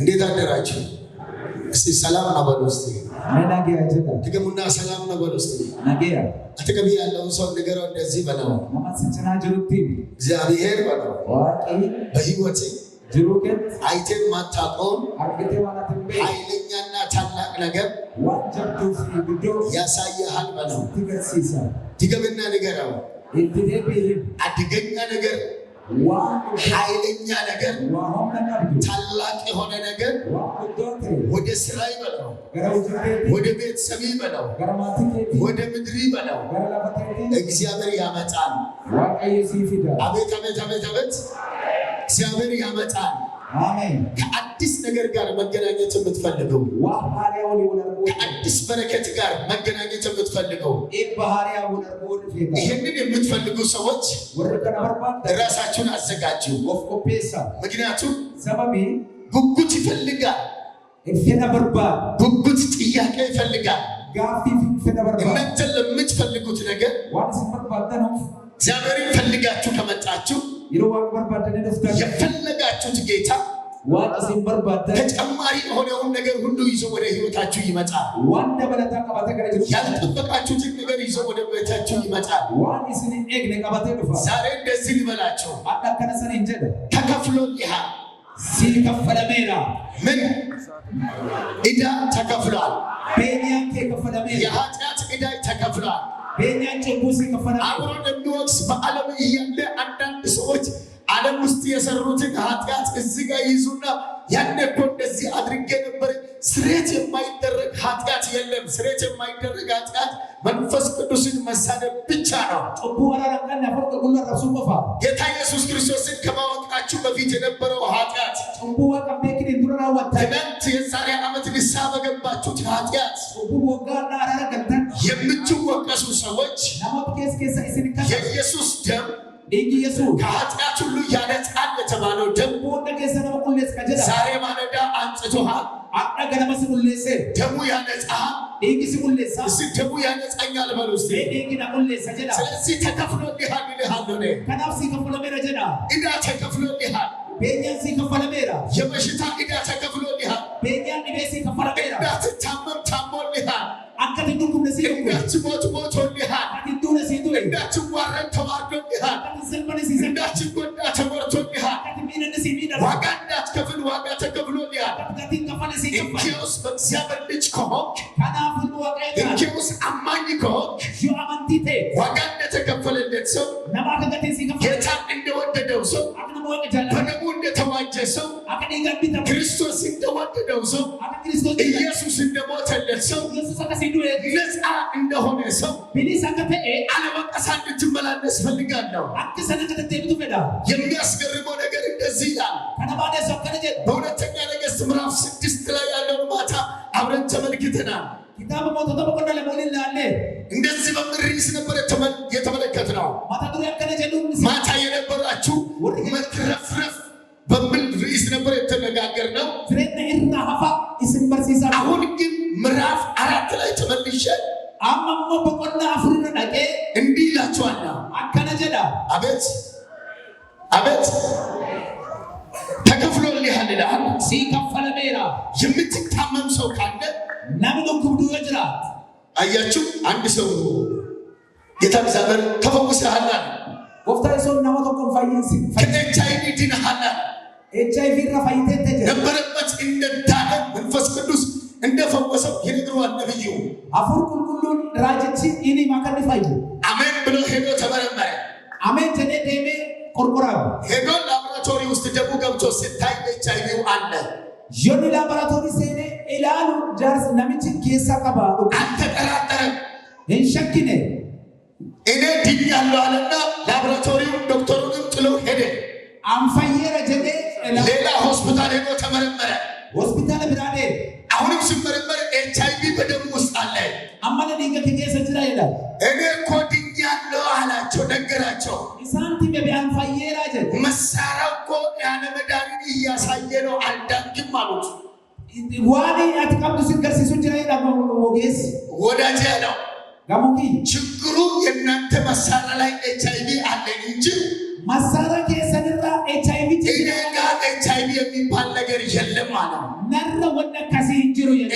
እንዴት አደራችሁ? እስቲ ሰላም ነው በሉ። እስቲ ድገሙና ሰላም ነው በሉ። እስቲ አጠገብ ያለውን ሰው ንገረው፣ እንደዚህ በለው፣ እግዚአብሔር በለው በህይወቴ አይቴም ማታቆም ኃይለኛና ታላቅ ነገር ያሳየሃል በለው። ትገብና ንገረው አድገኛ ነገር ኃይለኛ ነገር፣ ታላቅ የሆነ ነገር ወደ ስራ ይበላው፣ ወደ ቤተሰብ ይበላው፣ ወደ ምድር ይበላው። እግዚአብሔር ያመጣል። አቤት አቤት አቤት አቤት! እግዚአብሔር ያመጣል። ከአዲስ ነገር ጋር መገናኘት የምትፈልገው ከአዲስ በረከት ጋር መገናኘት ይህንን የምትፈልጉ ሰዎች ራሳችሁን አዘጋጁ። ምክንያቱም ጉጉት ይፈልጋል። ጉጉት ጥያቄ ይፈልጋል። እናንተ ለምትፈልጉት ነገር እግዚአብሔርን ፈልጋችሁ ከመጣችሁ የፈለጋችሁት ጌታ ዋቅ ሲበርባተ ተጨማሪ የሆነውን ነገር ሁሉ ይዞ ወደ ህይወታችሁ ይመጣል። ዋንደ በለታ ቀባተ ያልጠበቃችሁትን ነገር ይዞ ወደ ቤታችሁ ይመጣል። ዋን ዛሬ እንደዚህ ልበላቸው አዳከነሰን ሲከፈለ ሜራ ምን ተከፍሏል። ቤንያም ሜራ የኃጢአት ተከፍሏል። ቤንያም አብሮ እንደሚወቅስ በዓለም እያለ ዓለም ውስጥ የሰሩትን ኃጢአት እዚህ ጋር ይዙና ያኔ እኮ እንደዚህ አድርጌ ነበር። ስሬት የማይደረግ ኃጢአት የለም። ስሬት የማይደረግ ኃጢአት መንፈስ ቅዱስን መሳደብ ብቻ ነው። ጌታ ኢየሱስ ክርስቶስን ከማወቃችሁ በፊት የነበረው ኃጢአት፣ ትናንት የዛሬ ዓመት ንስሐ በገባችሁት ኃጢአት የምትወቀሱ ሰዎች የኢየሱስ ደም ከኃጢአት ሁሉ ያነጻል የተባለው ደም ዛሬ ማለዳ አንጽቶሃል። ደሙ ያነጻሃል። እስኪ ደሙ ያነጻኛል በሉ እስኪ። ስለዚህ ተከፍሎልሃል ይልሃል። ዕዳ ተከፍሎልሃል። የበሽታ ዕዳ ተከፍሎልሃል። እንዳትታመም ታሞልሃል። akka ati dhukkubne si dhukkubne. Inni achi mootummootollihaan. Ati duune si duune. Inni achi warreen tabaadollihaan. Ati silbanisiisan. Inni achi goddaa tabaatollihaan. Ati miidhani si miidhan. Waaqaa inni achi kafin waaqaa ተከፍሎልሃል። እንኪ ውስጥ በእግዚአብሔር ልጅ ከሆንክ እንኪ ውስጥ አማኝ ከሆንክ ዋጋ እንደተከፈለለት ሰው ጌታ እንደወደደው ሰው ሰው ክርስቶስ እንደወደደው ሰው ኢየሱስ እንደሞተለት ሰው ነፃ እንደሆነ ሰው አለመቀሳ እንድትመላለስ ፈልጋለሁ። የሚያስገርመው ነገር እንደዚህ ይላል። በሁለተኛ ነገሥት ምዕራፍ ስድስት ላይ ያለውን ማታ አብረን ተመልክተናል። እንደዚህ በምርስ ነበር የተመለከትነው። ማታ የነበራችሁ መትረፍረፍ አያችሁ፣ አንድ ሰው ጌታ እግዚአብሔር ተፈውሰሃል አለ። ወፍታይ ሰው እና ወቶ ኮንፋይንስ ከኤችአይቪ ድንሃል አለ። ኤችአይቪ ራፋይቴ ተጀ ነበረበት እንደዳነ መንፈስ ቅዱስ እንደፈወሰው ይነግረዋል ነብዩ። አፉር ቁልቁሉን ራጅቺ ኢኒ ማከንፋይ አሜን ብሎ ሄዶ ተመረመረ። አሜን ተኔ ቴሜ ቆርቆራ ሄዶ ላቦራቶሪ ውስጥ ደግሞ ገብቶ ሲታይ ኤችአይቪው አለ። Yoonni laaboraatoorii seenee ilaalu jaarsi namichi keessa qaba. Altaxalaxalam. Hin shakkine. Inni dinyaalloo alannaa laaboraatooriin doktoriin xiluu hede. Anfayyeera jedhee. ሌላ ሆስፒታል ሄዶ ተመረመረ። ሆስፒታል ብራዴ አሁንም ሲመረመር ኤች አይ ቪ በደም ውስጥ አለ። አማለ ድንገት ጌሰ ጅራ ይላል። እኔ እኮ ድኛለሁ አላቸው፣ ነገራቸው። ኢሳንቲ በቢያን ፋየራጀ መሳሪያ እኮ ያለ መድኃኒት እያሳየ ነው አልዳ አይችልም አሉት። ዋን አትቀምዱ ሲገርሲሱ ጅራ ወጌስ ወዳጅ ነው ጋሙኪ ችግሩ የእናንተ መሳሪያ ላይ ኤች አይቪ አለኝ እንጂ መሳሪያ ከሰነራ ኤች አይቪ እኔ ጋር ኤች አይቪ የሚባል ነገር የለም አለ። ነረ ወደ ከሲ እንጅሩ እኔ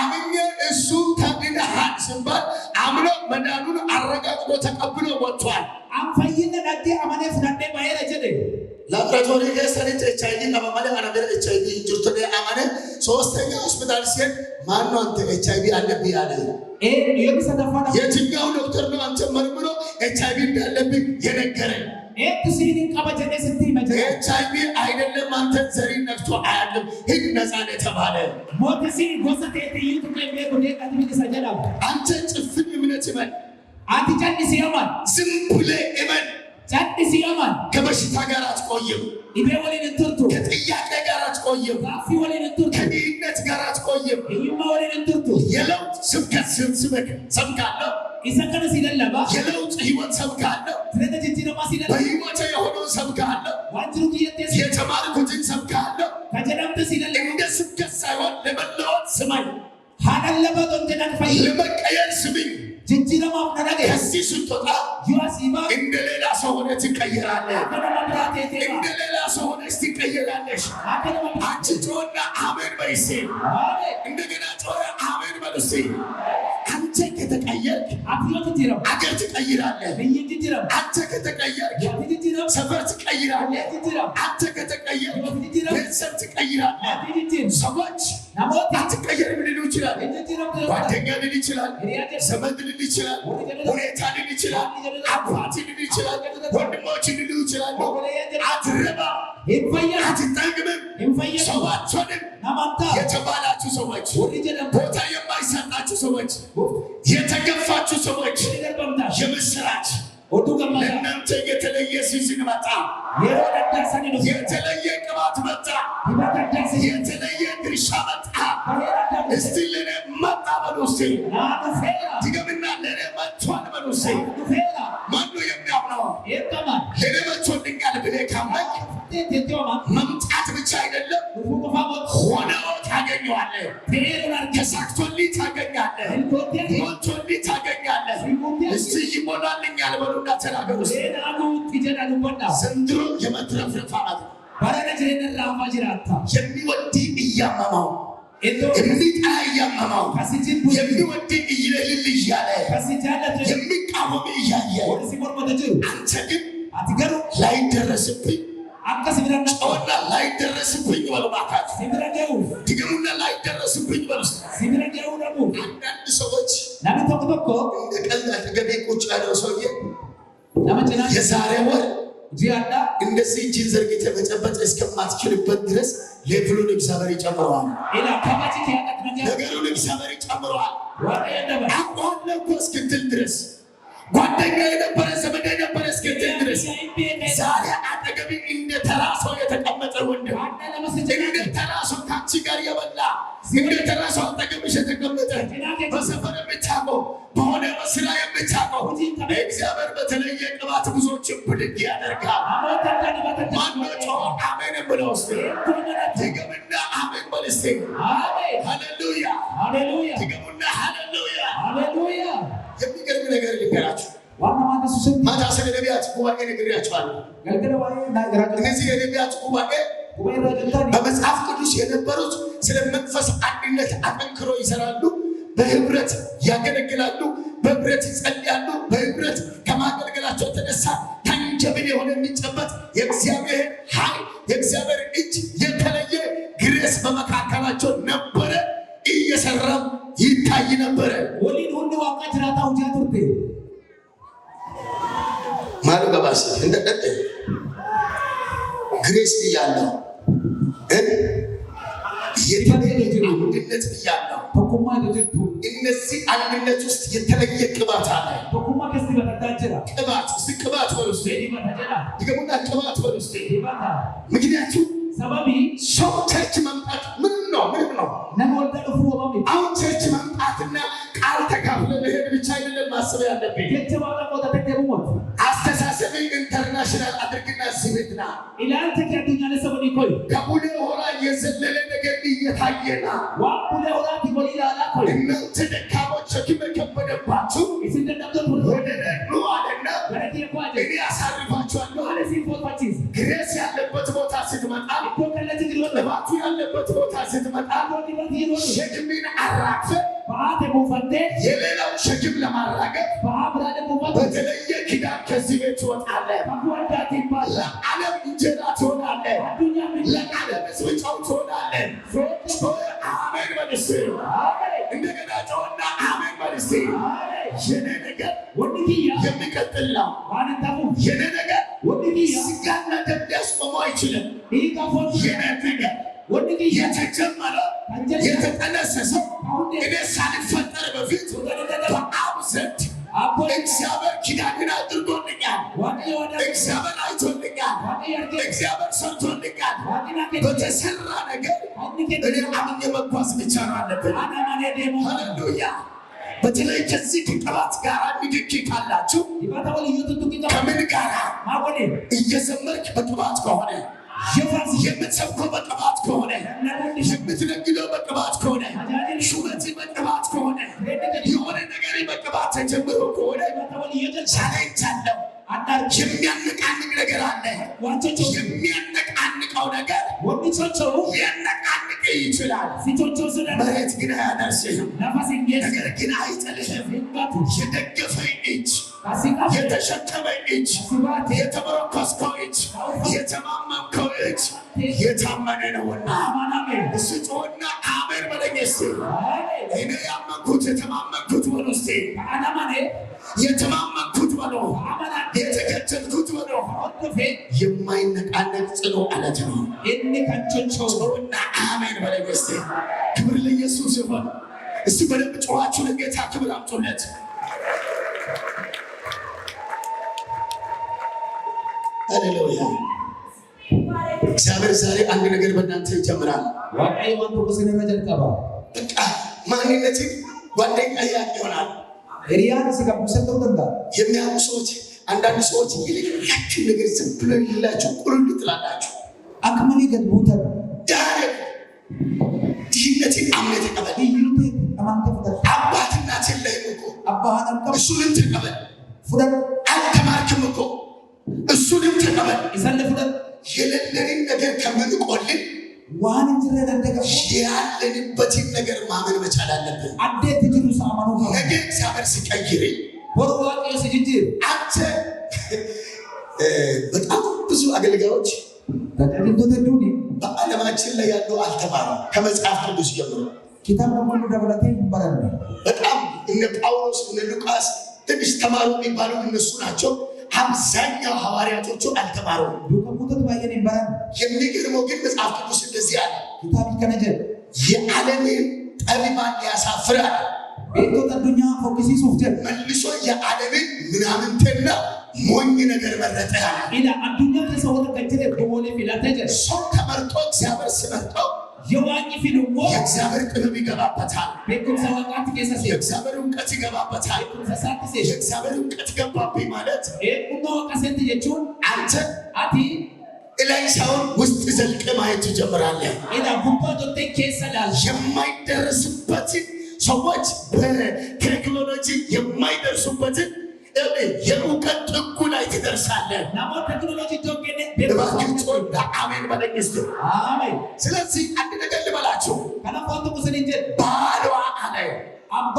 አምኜ እሱ ተግደሃል ስባል አምኖ መዳኑን አረጋግጦ ተቀብሎ ወጥቷል። አንፈይነ ዳዴ አመኔፍ ላብራቶሪ ከሰኒት ኤች አይ ቪ ለማማለ አናደር ኤች አይ ቪ ጅርቶ አማነ ሶስተኛ ሆስፒታል ሲሄድ ማን ነው አንተ ኤች አይ ቪ አለብህ ያለ? የትኛው ዶክተር ነው አንተ መርምሮ ኤች አይ ቪ እንዳለብህ የነገረኝ? ኤች አይ ቪ አይደለም አንተ ዘሪ ነክቶ አያለም። ሂድ ነፃ ነህ ተባለ። አንተ ጭፍን እምነት እመን፣ ዝም ብለህ እመን ከበሽታ ጋር አትቆይም። ከጥያቄ ጋር አትቆይም። ከድህነት ጋር አትቆይም። የለውጥ ስብከት ሰብካለሁ። የለውጥ ህይወት ሰብካለሁ። በህይወቴ የሆነውን ሰብካለሁ። የተማርኩትን ሰብካለሁ። እንደ ስብከት ሳይሆን ለመለወጥ ስማኝ፣ ለመቀየር ስምኝ ከዚህ ስትወጣ እንደ ሌላ ሰው ሆነ ትቀየራለህ። እንደ ሌላ ሰው ሆነ ትቀየራለሽ። አንቺ ጮና አሜን በይሴ እንደገና ጮ አሜን በሉሴ አንተ ከተቀየርክ አገር ትቀይራለህ። አንተ ከተቀየርክ ሰፈር ትቀይራለህ። አንተ ከተቀየርክ ቤተሰብ ትቀይራለህ። ሰዎች አትቀየር ልል ይችላል፣ ጓደኛ ልል ይችላል፣ ዘመድ ልል ይችላል፣ ሁኔታ ልል ይችላል፣ አባት ልል ይችላል፣ ወንድሞች ልል ይችላል። አትረባ፣ አትጠቅምም፣ ሰው አትሆንም የተባላችሁ ሰዎች፣ ቦታ የማይሰጣችሁ ሰዎች፣ የተገፋችሁ ሰዎች የምስራች ለእናንተ የተለየ ሲዝን መጣ። የተለየ ቅባት መጣ። ድገምና ለእኔ መጥቷል መምጣት ብቻ አይደለም፣ ሆነው ታገኘዋለህ። ተሳክቶልህ ታገኛለህ። ሞልቶልህ ታገኛለህ። እስቲ ይሞላልኛል በሉና ተናገሩ። ዘንድሮ የመትረፍ ረፋናት የሚወድህ እያመማው ከዚህ ጣይ እያመማው የሚወድቅ እይለልል እያለ የሚቃወም እያየ አንተ ግን ላይደረስብኝ ጨውና ላይደረስብኝ በሉ እባካችሁ፣ ድገሙና ላይደረስብኝ በሉ። አንዳንድ ሰዎች እንደ ቀልድ አጠገቤ ቁጭ ያለው ሰውዬ የዛሬ ወር ቪያና እንደዚህ እጅን ዘርግቼ መጨበጥ እስከማትችልበት ድረስ ሌቭሉን እግዚአብሔር ይጨምረዋል። ነገሩን እግዚአብሔር ይጨምረዋል። አውቀዋለሁ እስክትል ድረስ ጓደኛ የነበረ ዘመድ የነበረ እስክትል ድረስ ዛሬ አጠገቢ እንደ ተራሰው የተቀመጠ ወንድ እንደ ተራሶ ካንቺ ጋር የበላ እንደ ተራሶ አጠገብሽ ነግሬያቸዋለሁ። እነዚህ የነቢያት ጉባኤ በመጽሐፍ ቅዱስ የነበሩት ስለ መንፈስ አንድነት አጠንክሮ ይሰራሉ። በህብረት ያገለግላሉ። በህብረት ይጸልያሉ። በህብረት ከማገልገላቸው የተነሳ ታንጀብል የሆነ የሚጨበት ማልገባስ እንደ ቀጥ ግሬስ ብያለሁ፣ የተለየ አንድነት ብያለሁ። እነዚህ አንድነት ውስጥ የተለየ ቅባት አለ። ቅባት ቅባት ደግሞና ቅባት ምክንያቱም ሰው ቸርች መምጣት ምን ነው? ምን ነው አሁን ቸርች መምጣትና ቃል ተካፍለ መሄድ ብቻ አይደለም ማሰብ ያለብኝ። አስተሳሰብን ኢንተርናሽናል አድርግና እዚህ ቤት ና ከቡሌ ሆራ የዘለለ ነገር እየታየና እናንተ ደካሞች ሸክም ከበደባችሁ ወደ ኑ አለና እኔ አሳርፋችኋለሁ። ግሬስ ያለበት ቦታ ስትመጣ ልባቱ ያለበት ቦታ ስትመጣ ሸክምን አራግፈ በአብ የሙፈቴ የሌላውን ሸክም ለማራገፍ በአብራ ለሙፈቴ በተለየ ኪዳን ከዚህ ቤት ትወጣለ። ለዓለም እንጀራ ትሆናለ። ለዓለም ሕዝብ ጨው ትሆናለ። እንደገና ጨውና አሜን የኔ ነገር የሚቀጥል ነው። የኔ ነገር ስጋና ደም ሊያስቆመው አይችልም። ይህ ነገር የተጀመረው የተጠነሰሰው እኔ ሳልፈጠር በፊት በአብ ዘንድ እግዚአብሔር ኪዳንን አድርጎልኛል። እግዚአብሔር አይቶልኛል። እግዚአብሔር ሰርቶልኛል። በተሰራ ነገር እኔ አምኜ መጓዝ ብቻ ነው አለብን። ሃሌሉያ። በተለይ ከዚህ ቅባት ጋር ንክኪ ካላችሁ ከምን ጋር እየዘመርክ በቅባት ከሆነ የምትሰብከው በቅባት የሚያነቃንቅ ነገር አለ። የሚያነቃንቀው ነገር ሊያነቃንቅ ይችላል። መሬት ግን አያደርስህም፣ ነገር ግን አይጥልህም። የደገፈኝ እጅ፣ እጅ፣ የተመረኮስከው እጅ፣ እጅ የታመነ ነውና እሱ ጮና አሜን በለኝ እኔ ያመንኩት የተማመንኩት በሎ የተማመንኩት በሎ የማይነቃነቅ ጽኑ አለት ነው። ሰውና አሜን በላይ ገስቴ ክብር ለኢየሱስ ይሆን። እስቲ በደንብ ጨዋችሁ ለጌታ ክብር አምጡለት። ሃሌሉያ። እግዚአብሔር ዛሬ አንድ ነገር በእናንተ ይጀምራል። በቃ ማንነትን ጓደኛ ይሆናል የሚያውቁ ሰዎች አንዳንድ ሰዎች የሌላችሁ ነገር ዝም ብሎ የሌላችሁ ቁልል ትላላችሁ። አክመኔ ገድቦተ ዳረ ድህነት አምነት ተቀበል። አባት እናት የለህም እኮ እሱንም ተቀበል። አልተማርክም እኮ እሱንም ተቀበል። የሌለንን ነገር ከምንቆልን ዋን ያለንበትን ነገር ማመን መቻል አለብን። አዴት ነገር እግዚአብሔር ሲቀይረኝ ቦርዋቄ ስግድር አንተ በጣም ብዙ አገልጋዮች በቀደምተዱ በዓለማችን ላይ ያለው አልተማረ ከመጽሐፍ ቅዱስ ጀምሮ ኪታብ ሁሉ ደብረተ ይባላል። በጣም እነ ጳውሎስ እነ ሉቃስ ትንሽ ተማሩ የሚባሉ እነሱ ናቸው። አብዛኛው ሐዋርያቶቹ አልተማሩ ዱከሙተት ባየን ይባላል። የሚገርመው ግን መጽሐፍ ቅዱስ እንደዚህ አለ። ኪታብ ከነጀ የዓለምን ጠቢባን ያሳፍራል። ቤቶ ጠዱኛ ፎክሲ ሱፍጀ መል የዓለምን ምናምንትና ሞኝ ነገር መረጠ ያለ አዱኛ ከሰወተ ከችለ በሆነ ፊላተጀ ሰው ተመርጦ እግዚአብሔር ሲመርጠው የዋኝ ፊልሞ የእግዚአብሔር ጥበብ ይገባበታል። የእግዚአብሔር እውቀት ይገባበታል። የእግዚአብሔር እውቀት ገባብኝ ማለት ቁመወቀሴት የችውን አንተ አቲ እላይ ሳይሆን ውስጥ ዘልቀ ማየት ትጀምራለህ። ጉባ ዶቴ ኬሰላል የማይደረስበትን ሰዎች ሰዎች የማይደርሱበትን የእውቀት ጥጉ ላይ ትደርሳለን። አሜን ስለዚህ አንድ ነገር ልበላችሁ። ባሏ አለ አባ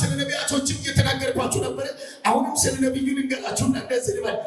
ስለ ነቢያቶችም እየተናገርኳችሁ ነበረ። አሁንም ስለ ነቢዩ ልንገራችሁ እንደዚህ ልበል